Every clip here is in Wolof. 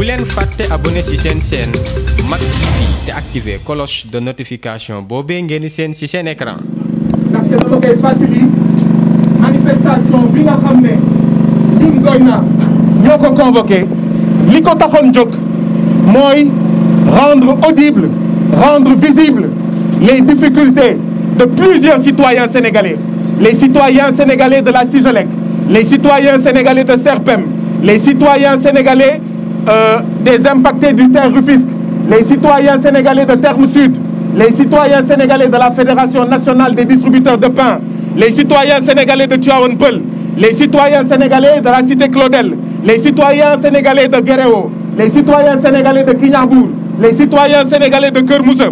bu leen fàtte abonné ci seen chaîne Mak TV te activer cloche de notification boobee ngeen seen ci seen écran. ndaxte dama koy fàttali manifestation bi nga xam ne ñun doy na ñoo ko convoqué li ko taxoon jóg mooy rendre audible rendre visible les difficultés de plusieurs citoyens sénégalais les citoyens sénégalais de la Sigelec les citoyens sénégalais de Serpem les citoyens sénégalais. euh, des impactés du terre Rufisque, les citoyens sénégalais de Terme Sud, les citoyens sénégalais de la Fédération nationale des distributeurs de pain, les citoyens sénégalais de Tiawan les citoyens sénégalais de la cité Claudel, les citoyens sénégalais de Guéréo, les citoyens sénégalais de Kignambour, les citoyens sénégalais de Kermousse,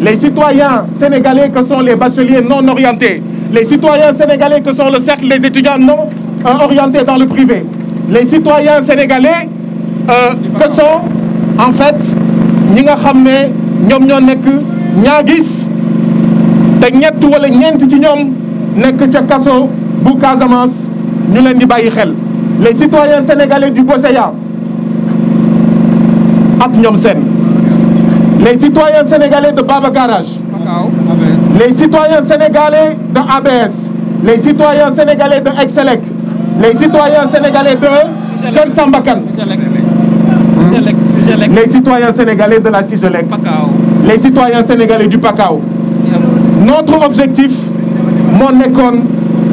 les citoyens sénégalais que sont les bacheliers non orientés, les citoyens sénégalais que sont le cercle des étudiants non orientés dans le privé, les citoyens sénégalais que euh, sont en fait ñi nga xam ne ñoom ñoo nekk ñaa gis te ñett wala ñeent ci ñoom nekk ca kaso bu Casamance ñu leen di bàyyi xel les citoyens sénégalais du Bosséya ak ñoom seen les citoyens sénégalais de Baba Garage les citoyens sénégalais de ABS les citoyens sénégalais de Excelec les citoyens sénégalais de Kër Sambakan Cigelec, Cigelec. les citoyens sénégalais de la Cigelec. les citoyens sénégalais du PACAO. notre objectif moo nekkoon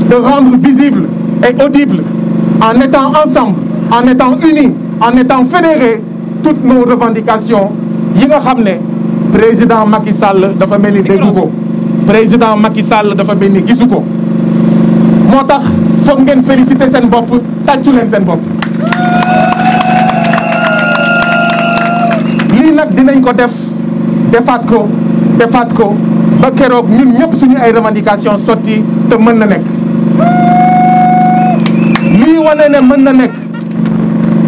de rendre visible et audible en étant ensemble en étant uni en étant fédérés toutes nos revendications yi nga xam ne président Macky Sall dafa mel ni déggu ko président Macky Sall dafa mel ni gisu ko moo tax foog ngeen féliciter seen bopp tàccu seen bopp dinañ ko def defaat ko defaat ko ba keroog ñun ñëpp suñu ay revendication sotti te mën na nekk lii wane ne mën na nekk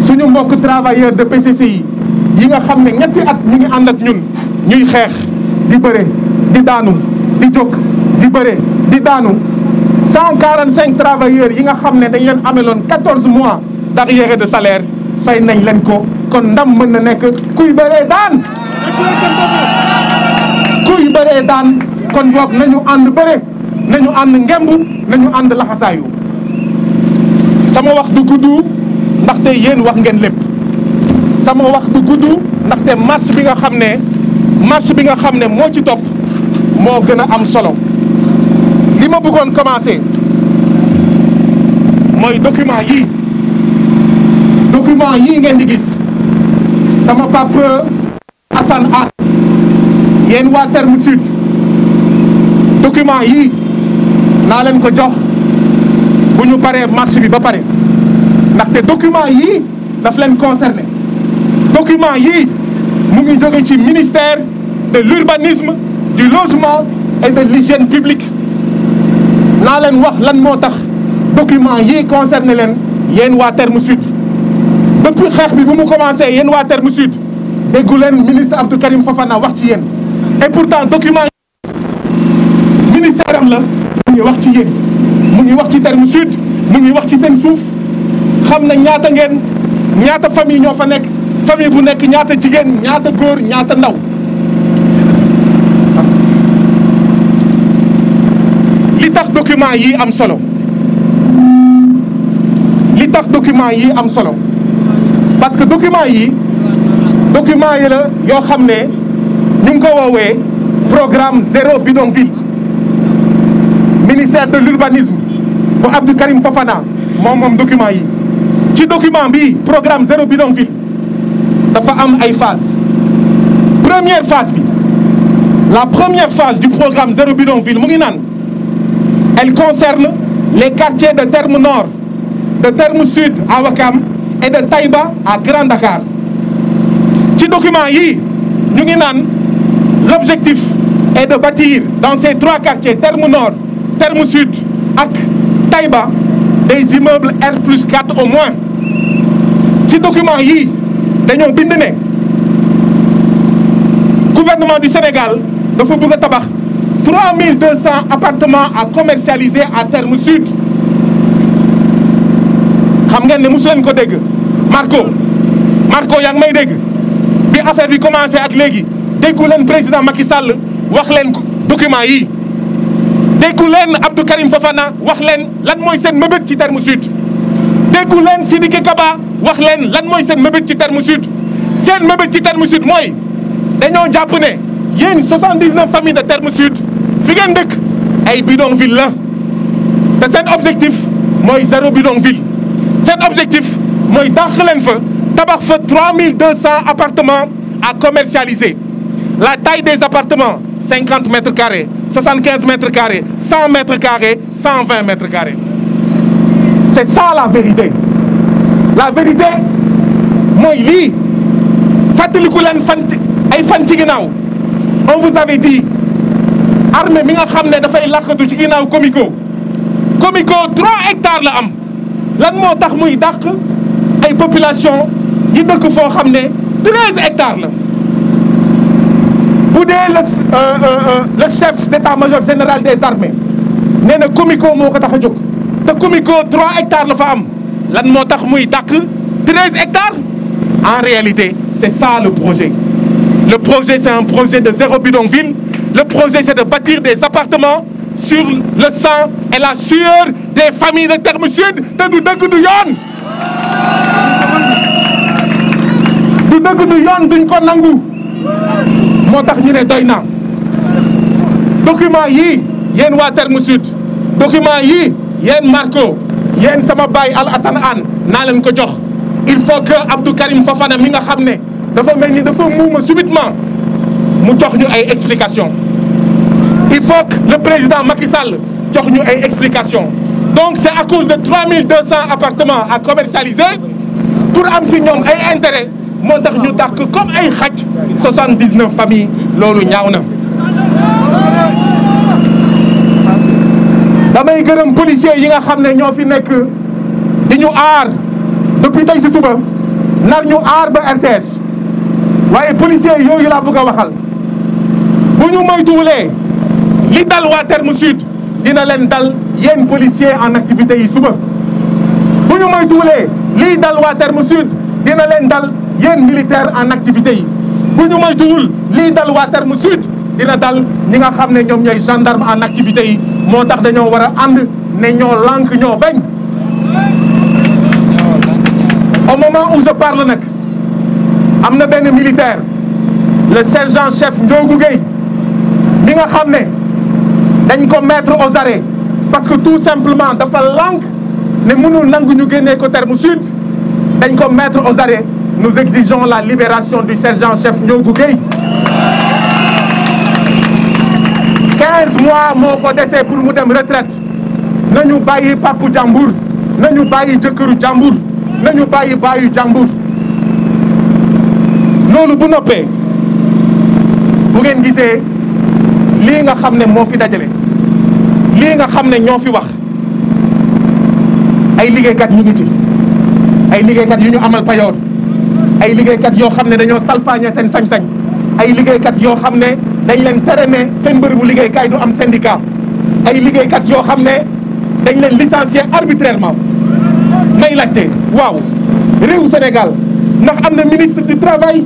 suñu mbokk travailleur de PCCI yi nga xam ne ñetti at ñu ngi ànd ak ñun ñuy xeex di bëre di daanu di jóg di bëre di daanu 145 travailleurs yi nga xam ne dañ leen ameloon 14 mois dax d'arriéré de salaire fay nañ leen ko kon ndam mën na nekk kuy bëree daan jàppale seen bopp kuy bëree daan kon boog nañu ànd bëre nañu ànd ngemb nañu ànd laxasaayu sama wax du gudd ndaxte yéen wax ngeen lépp sama wax du gudd ndaxte marche bi nga xam ne marche bi nga xam ne moo ci topp moo gën a am solo li ma bëggoon commencer mooy document yii document yii ngeen di gis sama papa Alassane Anne yéen waa terme sud document yi naa leen ko jox bu ñu paree marché bi ba pare ndaxte document yi daf leen concerné document yi mu ngi jóge ci ministère de l'urbanisme du logement et de l'hygiène publique naa leen wax lan moo tax document yii concerné leen yéen waa terme sud depuis xeex bi bu mu commencé yéen waa terme sud déggu leen ministre Abdou Karim Fofana wax ci yenn et pourtant document ministère am la mu ngi wax ci yéen mu ngi wax ci terme sud mu ngi wax ci seen suuf xam na ñaata ngeen ñaata famille ñoo fa nekk famille bu nekk ñaata jigéen ñaata góor ñaata ndaw li tax document yi am solo li tax document yi am solo parce que document yi document yi la yoo xam ne ñu ngi ko programme zéro bidonville ministère de l'urbanisme bu Abdou Karim Fofana moom moom document yi ci document bi programme zéro bidonville dafa am ay phase première phase bi la première phase du programme zéro bidonville mu ngi naan elle concerne les quartiers de Terme Nord de Terme Sud à Ouakam et de Taïba à Grand Dakar ci document yi ñu ngi naan l'objectif est de bâtir dans ces trois quartiers terme nord terme sud ak Taïba des immeubles R plus 4 au moins ci document yii dañoo bind ne gouvernement du Sénégal dafa bëgg a tabax 3200 appartements à commercialiser à terme sud xam ngeen ne mosu leen dégg Marco Marco yaa ngi may dégg bi affaire bi commencé ak léegi déggu leen président Macky Sall wax leen document yi déggu leen Abdou Karim Fofana wax leen lan mooy seen mëbët ci terme sud. déggu leen Sidiki wax leen lan mooy seen mëbët ci terme seen mëbët ci terme sud mooy dañoo jàpp ne yéen 79 familles de terme sud fi ngeen dëkk ay bidonville la te seen objectif mooy zéro bidonville seen objectif mooy dàq leen fa. tabax fa 3200 appartements à commercialiser la taille des appartements 50 mètres carrés 75 mètres carrés 100 mètres carrés 120 mètres carrés c'est ça la vérité la vérité mooy lii ku leen fan ay fan ci ginnaaw on vous avait dit armée mi nga xam ne dafay làqatu ci ginnaaw Comico Comico 3 hectares la am lan moo tax muy dàq ay population ñi dëkk foo xam ne treize hectares la bu dee le euh, euh, euh, le chef d'état-major général des armées nee na comico moo ko tax a jóg te comico trois hectares la fa am lan moo tax muy dàq treize hectares en réalité c'est ça le projet le projet c'est un projet de zéro bidonville le projet c'est de bâtir des appartements sur le sang et la sueur des familles de Terme Sud te du dëgg du yoon du dëgg du yoon duñ ko nangu moo tax ñu ne doy na document yi yéen waa terme sud document yii yéen Marco yenn sama baay Al Hassan Hann naa leen ko jox il faut que Abdou Karim Fofana mi nga xam ne dafa mel ni dafa muuma subitement mu jox ñu ay explication il faut que le président Macky Sall jox ñu ay explication donc c'est à cause de 3200 appartements à commercialiser pour am si ñoom ay intérêt moo tax ñu dàq comme ay xaj 79 familles loolu ñaaw na. damay gërëm policiers yi nga xam ne ñoo fi nekk di ñu aar depuis tey si suba nar ñu aar ba RTS waaye policiers yooyu laa bëgg a waxal bu ñu moytuwulee li dal waa Terme Sud dina leen dal yéen policiers en activité yi suba bu ñu moytuwulee liy dal waa Terme Sud dina leen dal. yéen militaire en activité yi bu ñu moytuwul lii dal waa terme sud dina dal ñi nga xam ne ñoom ñooy gendarme en activité yi moo tax dañoo war a ànd ne ñoo lank ñoo bañ au moment où je parle nag am na benn militaire le sergent chef Ndiogou Gueye mi nga xam ne dañ ko mettre aux arrêts parce que tout simplement dafa lank ne mënul nangu ñu génnee ko terme sud dañ ko mettre au arrêts nous exigeons la libération du sergent-chef Ndiogou Gueye 15 mois moo ko dese pour mu dem retraite nañu bàyyi papu jàmbur nañu bàyyi jëkkëru jàmbur nañu bàyyi bàyyi jàmbur loolu bu noppee bu ngeen gisee lii nga xam ne moo fi dajale lii nga xam ne ñoo fi wax ay liggéeykat ñu ngi ci ay liggéeykat yu ñu amal payoor ay liggéeykat yoo xam ne dañoo salfaañe seen sañ-sañ ay liggéeykat yoo xam ne dañ leen tere ne seen mbër bu liggéeykaay du am syndicat ay liggéeykat yoo xam ne dañ leen licencier arbitrairement may laajte waaw réew Sénégal ndax am na ministre du travail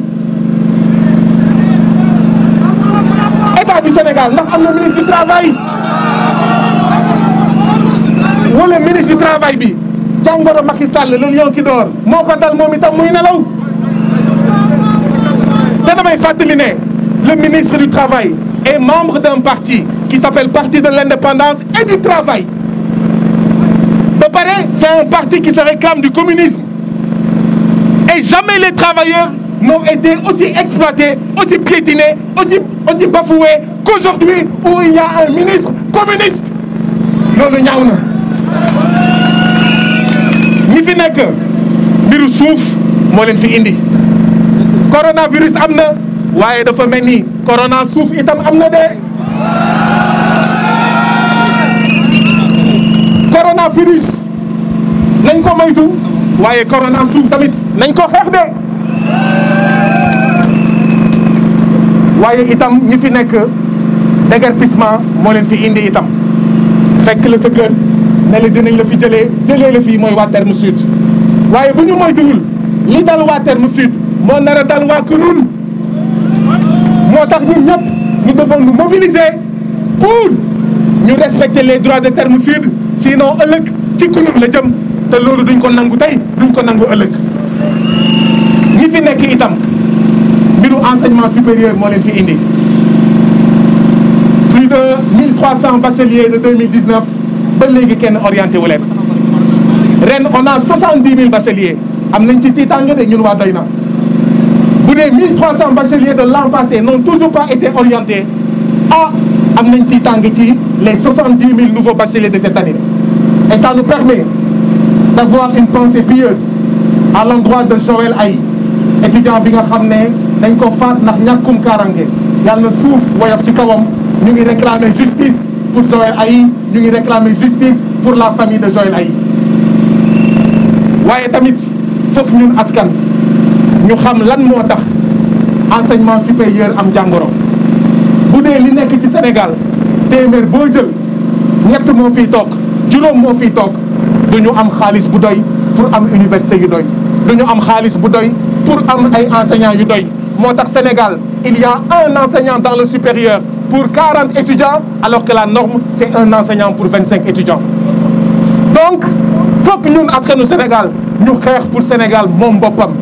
état bi Sénégal ndax am na ministre du travail wala ministre du travail bi jàngoro Macky Sall le lion qui dort moo ko dal moom itam muy nelaw te damay fàttali ne le ministre du travail est membre d'un parti qui s'appelle parti de l'indépendance et du travail ba pare c'est un parti qui se réclame du communisme et jamais les travailleurs n'ont été aussi exploités aussi piétinés aussi aussi bafoués qu'aujourd'hui où il y a un ministre communiste loolu ñaaw na ñi fi nekk mbiru suuf moo leen indi coronavirus am na waaye dafa mel ni corona suuf itam am na de. coronavirus nañ ko moytu waaye corona suuf tamit nañ ko xeex de. waaye itam ñi fi nekk déguerpissement moo leen fi indi itam fekk la sa kër ne la dinañ la fi jëlee jëlee la fii mooy waa terme sud waaye bu ñu moytuwul li dal waa terme sud. moo nar a dal waa moo tax ñu ñëpp nous devons nous mobiliser pour ñu respecter les droits de Terme-Sud sinon ëllëg ci Kounoune la jëm te loolu duñ ko nangu tey duñ ko nangu ëllëg ñi fi nekk itam mbiru enseignement supérieur moo leen fi indi plus de 1300 bacheliers de 2019 ba léegi kenn orienté wu leen ren on a 70 000 bacheliers am nañ ci tiitaange de ñun waa doy na bu dee 1300 bacheliers de l'an passé n'ont toujours pas été orientés ah am nañ ci tàng ci les 70 000 nouveaux bacheliers de cette année et ça nous permet d'avoir une pensée pieuse à l'endroit de Joël Aï étudiant bi nga xam ne dañ ko faat ndax ñàkkum kaaraange yàlla na suuf woyof ci kawam ñu ngi réclamer justice pour Joël Aï ñu ngi réclamer justice pour la famille de Joël Aï waaye tamit foog ñun askan ñu xam lan moo tax enseignement supérieur am jàngoro bu dee li nekk ci Sénégal téeméer boo jël ñett moo fiy toog juróom moo fi toog du ñu am xaalis bu doy pour am université yu doy du ñu am xaalis bu doy pour am ay enseignants yu doy moo tax Sénégal il y a un enseignant dans le supérieur pour quarante étudiants alors que la norme c'est un enseignant pour cinq étudiants donc fokk ñun askanu Sénégal ñu xeex pour Sénégal moom boppam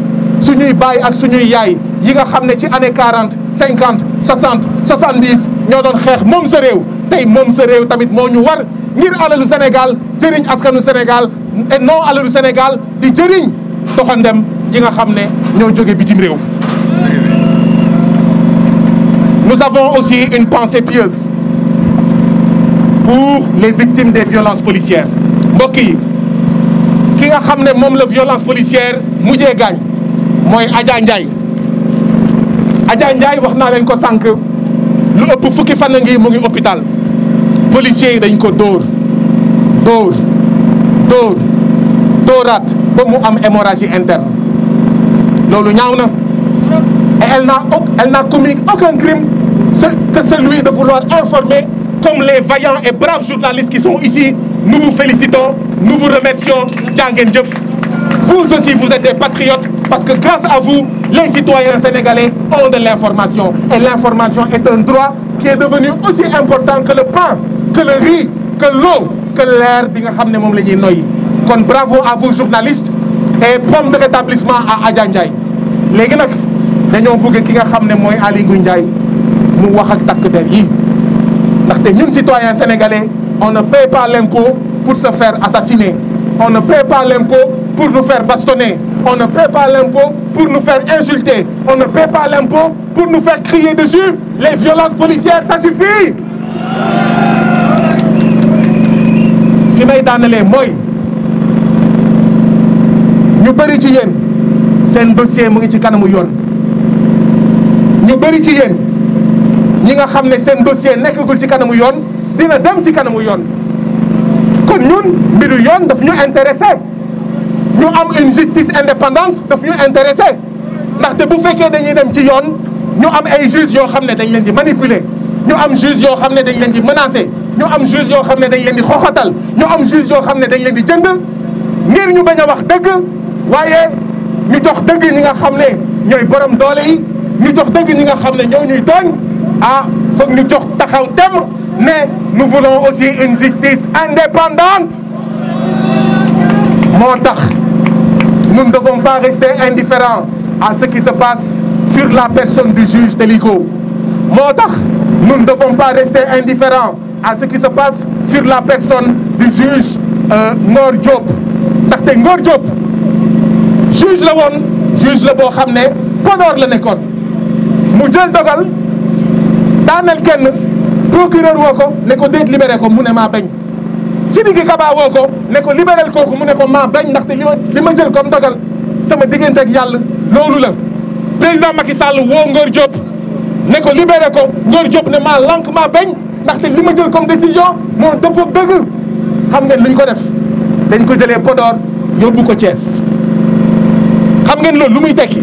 suñuy baay ak suñuy yaay yi nga xam ne ci année 40 50 60 70 ñoo doon xeex moom sa réew tey moom sa réew tamit moo ñu war ngir alalu Sénégal jëriñ askanu Sénégal et non alalu Sénégal di jëriñ doxandem yi nga xam ne ñoo jóge bitim réew. Nous avons aussi une pensée pieuse pour les victimes des violences policières mbokk yi ki nga xam ne moom la violence policière mujjee gaañ. mooy Adja Ndiaye Adja Ndiaye wax naa leen ko sànq lu ëpp fukki fan ngi mu ngi hôpital policiers yi dañ ko dóor dóor dóor dóoraat ba mu am hémorragie interne loolu ñaaw na et elle n'a elle n'a commis aucun crime que celui de vouloir informer comme les vaillants et braves journalistes qui sont ici nu vous félicitons nous vous remercions jaa ngeen jëf aussi vous êtes des patriotes parce que grâce à vous, les citoyens sénégalais ont de l'information. Et l'information est un droit qui est devenu aussi important que le pain, que le riz, que l'eau, que l'air bi nga xam ne moom la ñuy noyyi. kon bravo à vous journalistes et prompt rétablissement à Adja Ndiaye léegi nag dañoo bëgg ki nga xam ne mooy Aly Ngouille Ndiaye mu wax ak takk der yi ndaxte ñun citoyens sénégalais on ne paie pas l'impôt pour se faire assassiner on ne paie pas l'impôt pour nous faire On ne paie pas l'impôt pour nous faire insulter. On ne paie pas l'impôt pour nous faire crier dessus. Les violences policières, ça suffit. fi may daanelee mooy ñu bëri ci yéen seen dossier mu ngi ci kanamu yoon ñu bëri ci yéen ñi nga xam ne seen dossier nekkagul ci kanamu yoon dina dem ci kanamu yoon kon ñun mbiru yoon daf ñu intéressé. ñu am une justice indépendante daf ñu intéressé ndaxte bu fekkee dañuy dem ci yoon ñu am ay juges yoo xam ne dañ leen di manipuler ñu am juges yoo xam ne dañ leen di menacer ñu am juges yoo xam ne dañ leen di xoxatal ñu am juges yoo xam ne dañ leen di jënd ngir ñu bañ a wax dëgg waaye ñu jox dëgg ñi nga xam ne ñooy borom doole yi ñu jox dëgg ñi nga xam ne ñoo ñuy tooñ ah foog ñu jox taxaw tem mais nous voulons aussi une justice indépendante moo tax nous ne devons pas rester indifférents à ce qui se passe sur la personne du juge Téliko moo tax nous ne devons pas rester indifférents à ce qui se passe sur la personne du juge euh, Ngor Diop ndaxte Ngor Diop juge la woon juge la boo xam ne Podor la nekkoon mu jël dogal daaneel kenn procureur woo ko ne ko déet libéré ko mu ne maa bañ sidigi kabaa woo ko ne ko libéral kooku mu ne ko maa bañ ndaxte li ma li ma jël comme ndogal sama diggante ak yàlla loolu la président Macky Sall woo Ngor Diop ne ko libéré ko Ngor Diop ne maa lànk maa bañ te li ma jël comme décision moo dëppoo dëgg xam ngeen luñ ko def dañ ko jëlee Podor yóbbu ko Thiès xam ngeen loolu lu muy tekki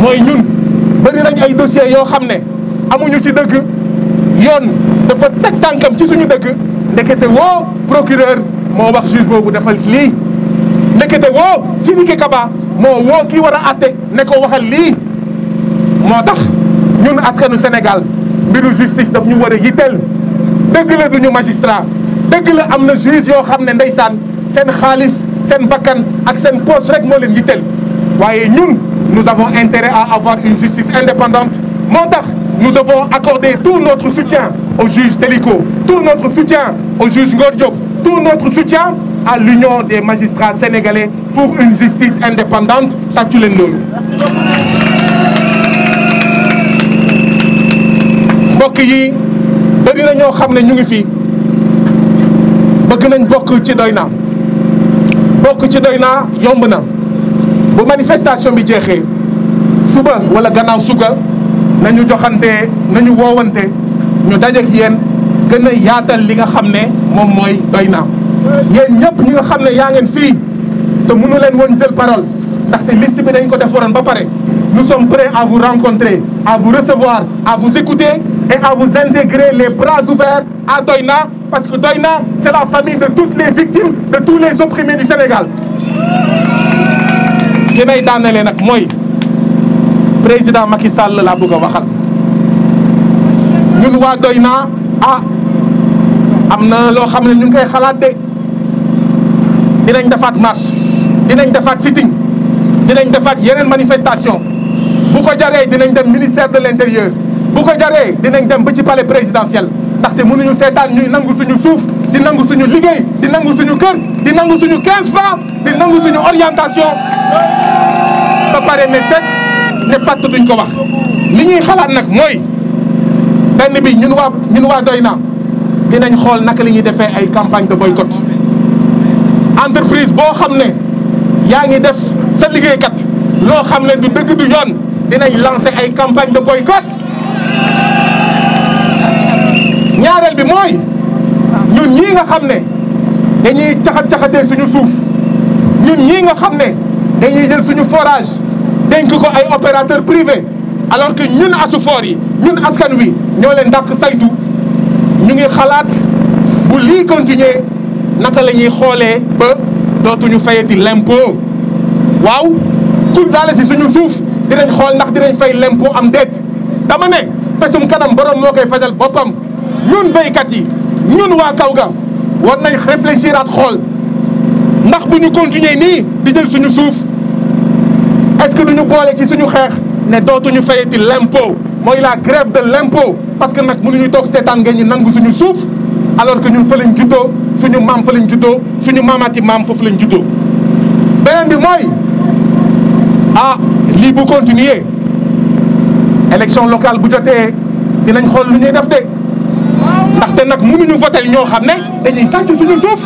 mooy ñun bëri nañ ay dossiers yoo xam ne amuñu ci dëgg yoon dafa teg tànkam ci suñu dëgg ndekete woo procureur moo wax juge boobu defal lii ndekete woo Sidiki Kaba moo woo kii war a àtte ne ko waxal lii moo tax ñun askanu Sénégal mbiru justice daf ñu war a yitteel dëgg la duñu magistrat dëgg la am na juge yoo xam ne ndeysaan seen xaalis seen bakkan ak seen poste rek moo leen yitteel waaye ñun nous avons intérêt à avoir une justice indépendante moo tax nous devons accorder tout notre soutien au juge Téliko, tout notre soutien au juge Ngor tout notre soutien à l'Union des magistrats sénégalais pour une justice indépendante. Tatulen mbokk yi bëri na ñoo xam ne ñu ngi fi bëgg nañ bokk ci doy na bokk ci doy na yomb na bu manifestation bi jeexee suba wala gannaaw suga nañu joxante nañu woowante ñu dajeek yéen gën yaatal li nga xam ne moom mooy doy na yéen ñëpp ñi nga xam ne yaa ngeen fii te mënu leen woon jël parole ndaxte liste bi dañ ko def waroon ba pare nous sommes prêts à vous rencontrer à vous recevoir à vous écouter et à vous intégrer les bras ouverts à na parce que Doyna c'est la famille de toutes les victimes de tous les opprimés du Sénégal fi may daanale nag mooy président Macky Sall laa bëgg a waxal ñun waa doy naa ah am na loo xam ne ñu ngi koy xalaat de dinañ defaat marche dinañ defaat sitting dinañ defaat yeneen manifestation bu ko jaree dinañ dem ministère de l' intérieur bu ko jaree dinañ dem ba ci palais présidentiel ndaxte mënuñu seetaan ñuy nangu suñu suuf di nangu suñu liggéey di nangu suñu kër di nangu suñu 15 francs di nangu suñu orientation ba pare ne teg ne patt duñ ko wax li ñuy xalaat nag mooy benn bi ñun waa ñun waa doy na dinañ xool naka li ñuy defee ay campagne de boycott entreprise boo xam ne yaa ngi def sa liggéeykat loo xam ne du dëgg du yoon dinañ lancer ay campagne de boycott ñaareel bi mooy ñun ñi nga xam ne dañuy caxat-caxatee suñu suuf ñun ñii nga xam ne dañuy jël suñu forage dénk ko ay opérateur privé alors que ñun asufoor yi ñun askan wi ñoo leen dàq saytu ñu ngi xalaat bu lii continuer naka la ñuy xoolee ba dootuñu fayati l'impôt waaw tul daale si suñu suuf dinañ xool ndax dinañ fay l'impôt am déet dama ne pesum kanam borom moo koy fajal boppam ñun béykat yi ñun waa kaw ga war nañ réfléchiraat xool ndax bu ñu continuer nii di jël suñu suuf est-ce que duñu boole ci suñu xeex ne dootuñu fayati l'impôt mooy la grève de l'impôt parce que nag ñu toog seetaan ngeen ñu nangu suñu suuf alors que ñun fa lañ juddoo suñu maam fa lañ juddoo suñu maamaati maam foofu lañ juddoo beneen bi mooy ah lii bu continuer élection locale bu jotee dinañ xool lu ñuy def de ndaxte nag mënuñu votel ñoo xam ne dañuy sàcc suñu suuf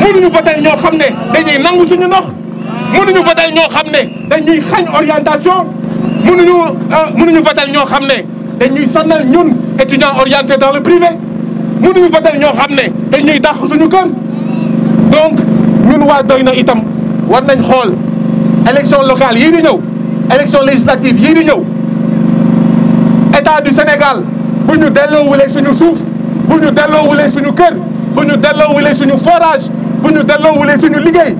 ñu votel ñoo xam ne dañuy nangu suñu ndox mënuñu votal ñoo xam ne ñuy xañ orientation mënuñu euh, mënuñu votal ñoo xam ne ñuy sonnal ñun étudiants orientés dans le privé mënuñu votal ñoo xam ne dañuy dàq suñu kër donc ñun waa doy na itam war nañ xool élection locale yii nu ñëw élection législative yii di ñëw état du Sénégal bu ñu delloowulee suñu suuf bu ñu delloowulee suñu kër bu ñu delloowulee suñu forage bu ñu delloowulee suñu liggéey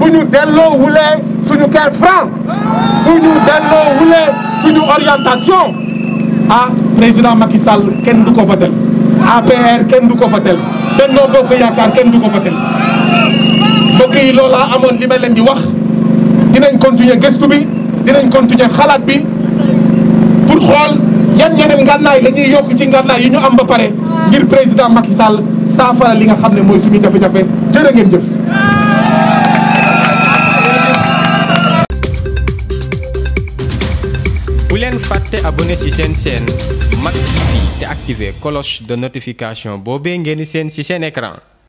bu ñu delloo wulee suñu 15 francs bu ñu delloo wulee suñu orientation ah président Macky kenn du ko fatel APR kenn du ko fatel Benno Bokk Yaakaar kenn du ko fatel mbokk yi amoon li ma leen di wax dinañ continuer gëstu bi dinañ continuer xalaat bi pour xool yan yeneen ngànnaay la ñuy yokk ci ngànnaay yi ñu am ba pare ngir président Macky Sall saafara li nga xam ne mooy suñu jafe-jafe jërë ngeen jëf. te abonné ci seen seen Mak TV te activer cloche de notification boobee ngeen di seen ci seen écran